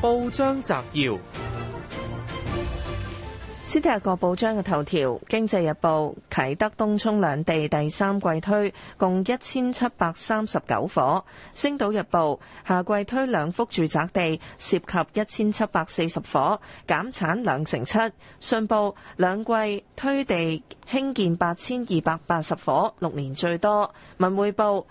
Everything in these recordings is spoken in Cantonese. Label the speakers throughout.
Speaker 1: 報
Speaker 2: 章摘要：
Speaker 1: 先睇下個報章嘅頭條。《經濟日報》啟德、東涌兩地第三季推共一千七百三十九伙，《星島日報》下季推兩幅住宅地，涉及一千七百四十伙，減產兩成七。《信報》兩季推地興建八千二百八十伙，六年最多。《文匯報》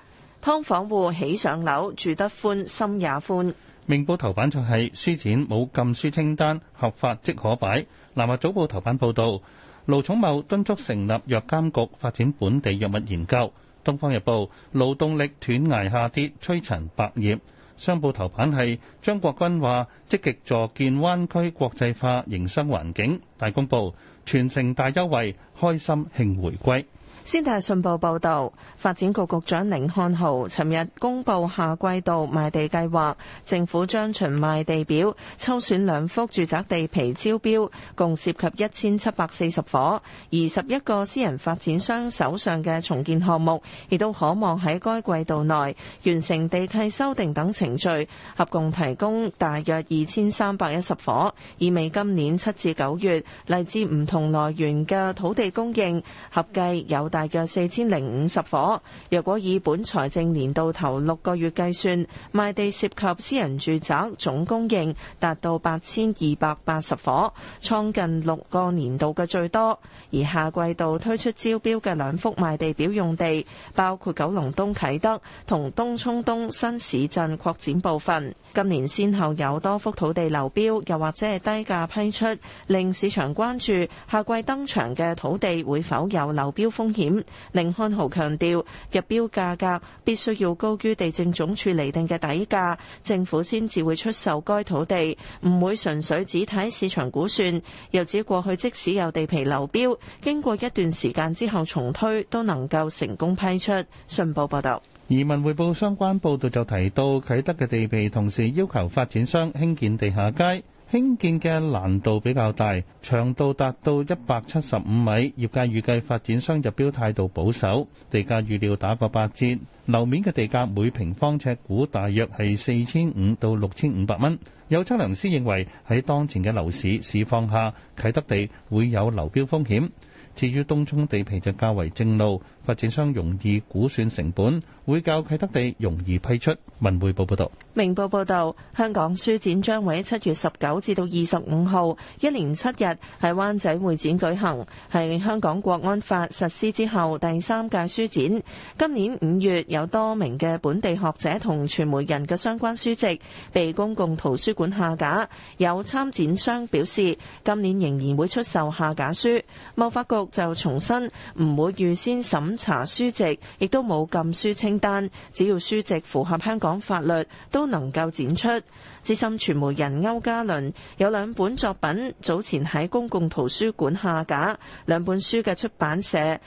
Speaker 1: 劏房戶起上樓，住得寬，心也寬。
Speaker 2: 明報頭版就係書展冇禁書清單，合法即可擺。南華早報頭版報導，盧寵茂敦促成立藥監局，發展本地藥物研究。《東方日報》勞動力斷崖下跌，摧殘百業。商報頭版係張國軍話：積極助建灣區國際化營商環境。大公報全城大優惠，開心慶回歸。
Speaker 1: 先睇下信報報導，發展局局長寧漢豪尋日公布下季度賣地計劃，政府將循賣地表，抽選兩幅住宅地皮招標，共涉及一千七百四十伙。而十一個私人發展商手上嘅重建項目，亦都可望喺該季度內完成地契修訂等程序，合共提供大約二千三百一十伙，意味今年七至九月嚟自唔同來源嘅土地供應合計有有大約四千零五十伙。若果以本財政年度頭六個月計算，賣地涉及私人住宅總供應達到八千二百八十伙，創近六個年度嘅最多。而下季度推出招標嘅兩幅賣地表用地，包括九龍東啟德同東涌東新市鎮擴展部分。今年先後有多幅土地流標，又或者係低價批出，令市場關注，下季登場嘅土地會否有流標風。林漢豪強調，入標價格必須要高於地政總署釐定嘅底價，政府先至會出售該土地，唔會純粹只睇市場估算。又指過去即使有地皮流標，經過一段時間之後重推都能夠成功批出。信報報道，
Speaker 2: 移民匯報相關報道就提到啟德嘅地皮，同時要求發展商興建地下街。興建嘅難度比較大，長度達到一百七十五米，業界預計發展商入標態度保守，地價預料打過八折，樓面嘅地價每平方尺估大約係四千五到六千五百蚊。有測量師認為喺當前嘅樓市市況下，啟德地會有流標風險。至於東涌地皮就較為正路，發展商容易估算成本，會較啟德地容易批出。文匯報報道：
Speaker 1: 「明報報道，香港書展將會七月十九至到二十五號，一連七日喺灣仔會展舉行，係香港國安法實施之後第三屆書展。今年五月有多名嘅本地學者同傳媒人嘅相關書籍被公共圖書館下架，有參展商表示今年仍然會出售下架書。貿發局，就重申唔會預先審查書籍，亦都冇禁書清單，只要書籍符合香港法律，都能夠展出。資深傳媒人歐嘉倫有兩本作品早前喺公共圖書館下架，兩本書嘅出版社。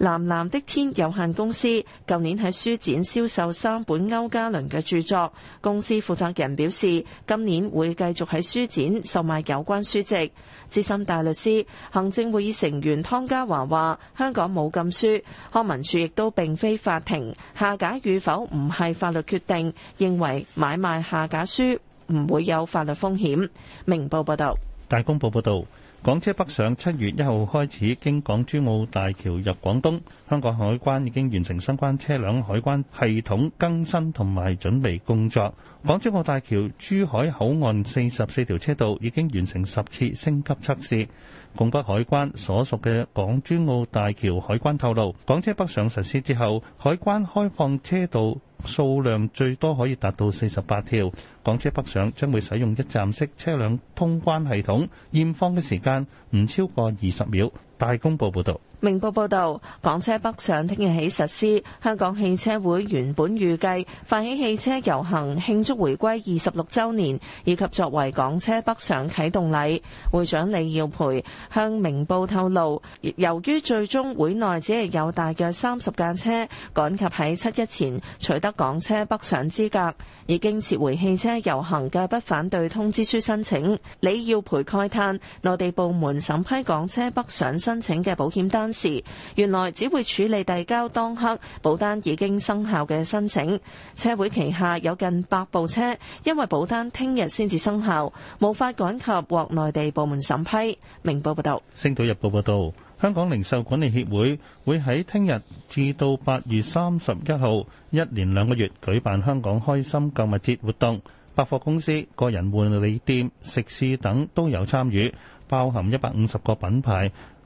Speaker 1: 藍藍的天有限公司舊年喺書展銷售三本歐嘉倫嘅著作，公司負責人表示，今年會繼續喺書展售賣有關書籍。資深大律師、行政會議成員湯家驊話：香港冇禁書，康文署亦都並非法庭，下架與否唔係法律決定，認為買賣下架書唔會有法律風險。明報報道。
Speaker 2: 大公報報道。港車北上七月一號開始經港珠澳大橋入廣東，香港海關已經完成相關車輛海關系統更新同埋準備工作。港珠澳大橋珠海口岸四十四條車道已經完成十次升級測試。拱北海關所屬嘅港珠澳大橋海關透露，港車北上實施之後，海關開放車道。數量最多可以達到四十八條，港車北上將會使用一站式車輛通關系統，驗放嘅時間唔超過二十秒。大公報報道。
Speaker 1: 明報報道，港車北上聽日起實施。香港汽車會原本預計發起汽車遊行慶祝回歸二十六周年，以及作為港車北上啟動禮。會長李耀培向明報透露，由於最終會內只係有大約三十架車趕及喺七一前取得港車北上資格，已經撤回汽車遊行嘅不反對通知書申請。李耀培慨嘆內地部門審批港車北上申請嘅保險單。時原來只會處理遞交當刻保單已經生效嘅申請，車會旗下有近百部車，因為保單聽日先至生效，無法趕及獲內地部門審批。明報報道，
Speaker 2: 星島日報報道，香港零售管理協會會喺聽日至到八月三十一號，一連兩個月舉辦香港開心購物節活動，百貨公司、個人護理店、食肆等都有參與，包含一百五十個品牌。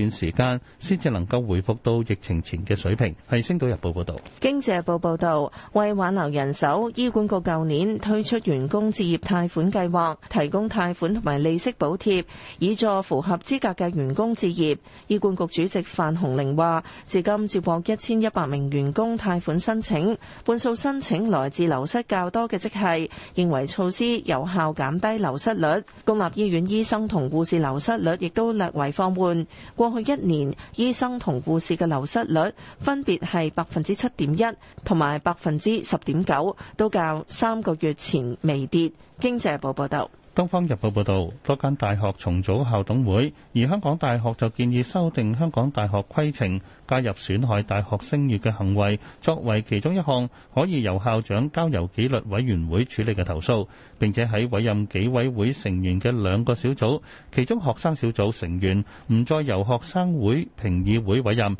Speaker 2: 段時間先至能夠恢復到疫情前嘅水平。係《星島日報》報道。
Speaker 1: 《經濟日報》報道，為挽留人手，醫管局舊年推出員工置業貸款計劃，提供貸款同埋利息補貼，以助符合資格嘅員工置業。醫管局主席范鴻齡話，至今接獲一千一百名員工貸款申請，半數申請來自流失較多嘅職系，認為措施有效減低流失率。公立醫院醫生同護士流失率亦都略為放緩。過去一年，醫生同護士嘅流失率分別係百分之七點一同埋百分之十點九，都較三個月前微跌。經濟報報道。
Speaker 2: 《東方日報》報道，多間大學重組校董會，而香港大學就建議修訂香港大學規程，加入損害大學聲譽嘅行為作為其中一項，可以由校長交由紀律委員會處理嘅投訴。並且喺委任紀委會成員嘅兩個小組，其中學生小組成員唔再由學生會評議會委任。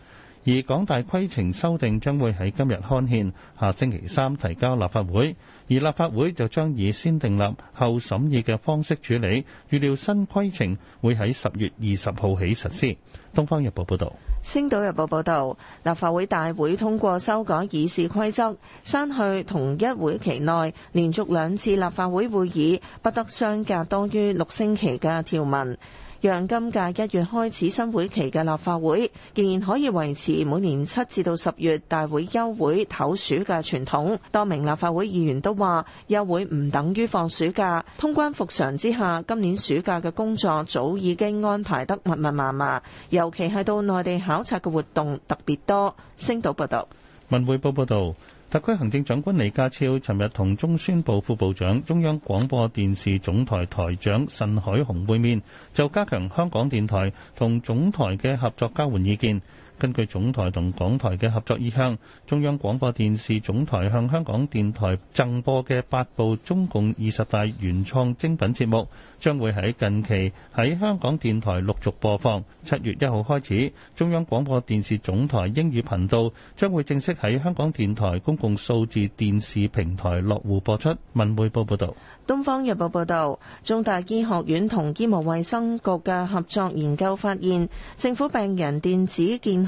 Speaker 2: 而港大規程修訂將會喺今日刊憲，下星期三提交立法會，而立法會就將以先訂立後審議嘅方式處理。預料新規程會喺十月二十號起實施。《東方日報》報道，
Speaker 1: 《星島日報》報道，立法會大會通過修改議事規則，刪去同一會期內連續兩次立法會會議不得相隔多於六星期嘅條文。讓今屆一月開始新會期嘅立法會，仍然可以維持每年七至到十月大會休會、唞暑嘅傳統。多名立法會議員都話，休會唔等於放暑假，通關復常之下，今年暑假嘅工作早已經安排得密密麻麻，尤其係到內地考察嘅活動特別多。星島報道，
Speaker 2: 文匯報報道。特區行政長官李家超尋日同中宣部副部長、中央廣播電視總台台長慎海雄會面，就加強香港電台同總台嘅合作，交換意見。根據總台同港台嘅合作意向，中央廣播電視總台向香港電台贈播嘅八部中共二十大原創精品節目，將會喺近期喺香港電台陸續播放。七月一號開始，中央廣播電視總台英語頻道將會正式喺香港電台公共數字電視平台落戶播出。文匯報報道，
Speaker 1: 《東方日報》報道，中大醫學院同醫務衛生局嘅合作研究發現，政府病人電子健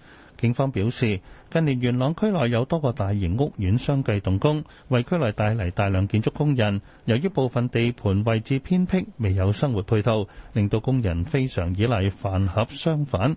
Speaker 2: 警方表示，近年元朗區內有多個大型屋苑相繼動工，為區內帶嚟大量建築工人。由於部分地盤位置偏僻，未有生活配套，令到工人非常依賴飯盒商販。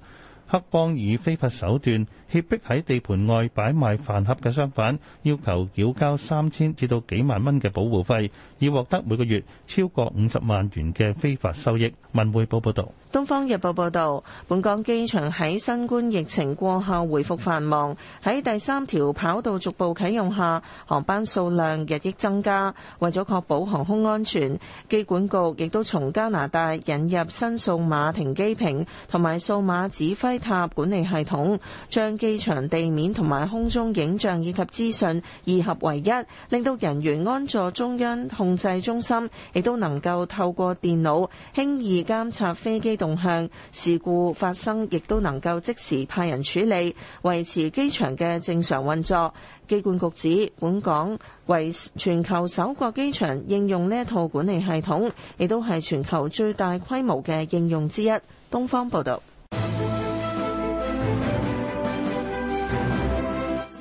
Speaker 2: 黑幫以非法手段脅迫喺地盤外擺賣飯盒嘅商販，要求繳交三千至到幾萬蚊嘅保護費，以獲得每個月超過五十萬元嘅非法收益。文匯報報道，
Speaker 1: 《東方日報》報道，本港機場喺新冠疫情過後回復繁忙，喺第三條跑道逐步啟用下，航班數量日益增加。為咗確保航空安全，機管局亦都從加拿大引入新數碼停機坪同埋數碼指揮。塔管理系統，將機場地面同埋空中影像以及資訊二合為一，令到人員安坐中央控制中心，亦都能夠透過電腦輕易監察飛機動向。事故發生亦都能夠即時派人處理，維持機場嘅正常運作。機管局指，本港為全球首個機場應用呢一套管理系統，亦都係全球最大規模嘅應用之一。東方報道。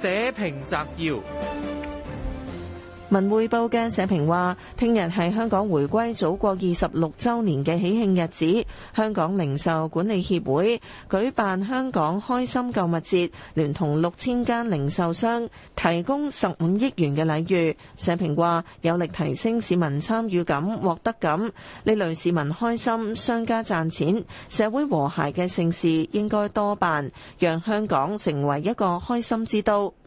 Speaker 2: 寫平摘要。
Speaker 1: 文匯報嘅社評話：聽日係香港回歸祖國二十六週年嘅喜慶日子，香港零售管理協會舉辦香港開心購物節，聯同六千間零售商提供十五億元嘅禮遇。社評話，有力提升市民參與感、獲得感，呢類市民開心、商家賺錢、社會和諧嘅盛事應該多辦，讓香港成為一個開心之都。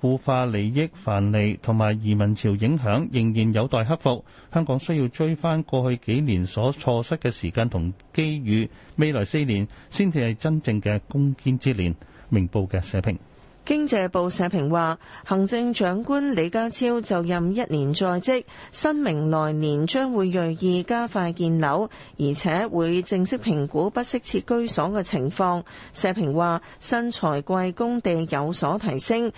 Speaker 2: 固化利益、繁利同埋移民潮影響仍然有待克服，香港需要追翻過去幾年所錯失嘅時間同機遇，未來四年先至係真正嘅攻堅之年。明報嘅社評，
Speaker 1: 經濟報社評話，行政長官李家超就任一年在職申明來年將會銳意加快建樓，而且會正式評估不適切居所嘅情況。社評話，新財季供地有所提升。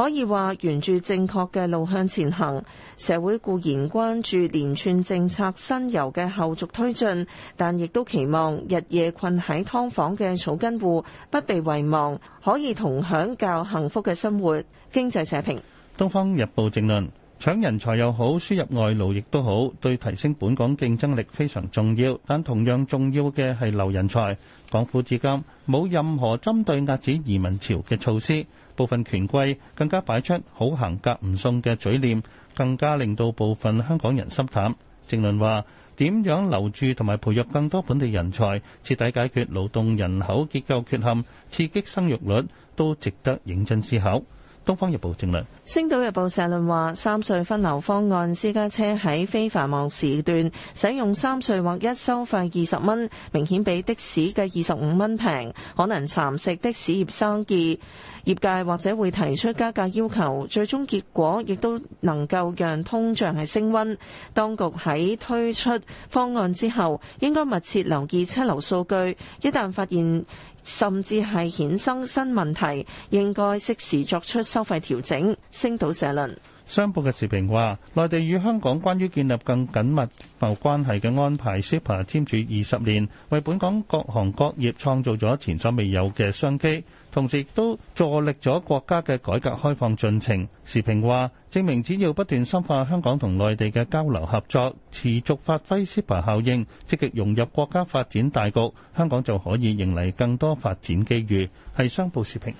Speaker 1: 可以話沿住正確嘅路向前行，社會固然關注連串政策新猷嘅後續推進，但亦都期望日夜困喺㓥房嘅草根戶不被遺忘，可以同享較幸福嘅生活。經濟社評，
Speaker 2: 《東方日報》正論：搶人才又好，輸入外勞亦都好，對提升本港競爭力非常重要。但同樣重要嘅係留人才。港府至今冇任何針對遏止移民潮嘅措施。部分權貴更加擺出好行夾唔送嘅嘴臉，更加令到部分香港人心淡。政論話：點樣留住同埋培育更多本地人才，徹底解決勞動人口結構缺陷，刺激生育率，都值得認真思考。《東方日報政略》政論，
Speaker 1: 《星島日報》社論話：三隧分流方案，私家車喺非繁忙時段使用三隧劃一收費二十蚊，明顯比的士計二十五蚊平，可能蠶食的士業生意。業界或者會提出加價要求，最終結果亦都能夠讓通脹係升溫。當局喺推出方案之後，應該密切留意車流數據，一旦發現。甚至係衍生新問題，應該適時作出收費調整，星島社論。
Speaker 2: 商報嘅時評話：內地與香港關於建立更緊密貿關係嘅安排 CEPA 簽署二十年，為本港各行各業創造咗前所未有嘅商機，同時亦都助力咗國家嘅改革開放進程。時評話，證明只要不斷深化香港同內地嘅交流合作，持續發揮 CEPA 效應，積極融入國家發展大局，香港就可以迎嚟更多發展機遇。係商報時評。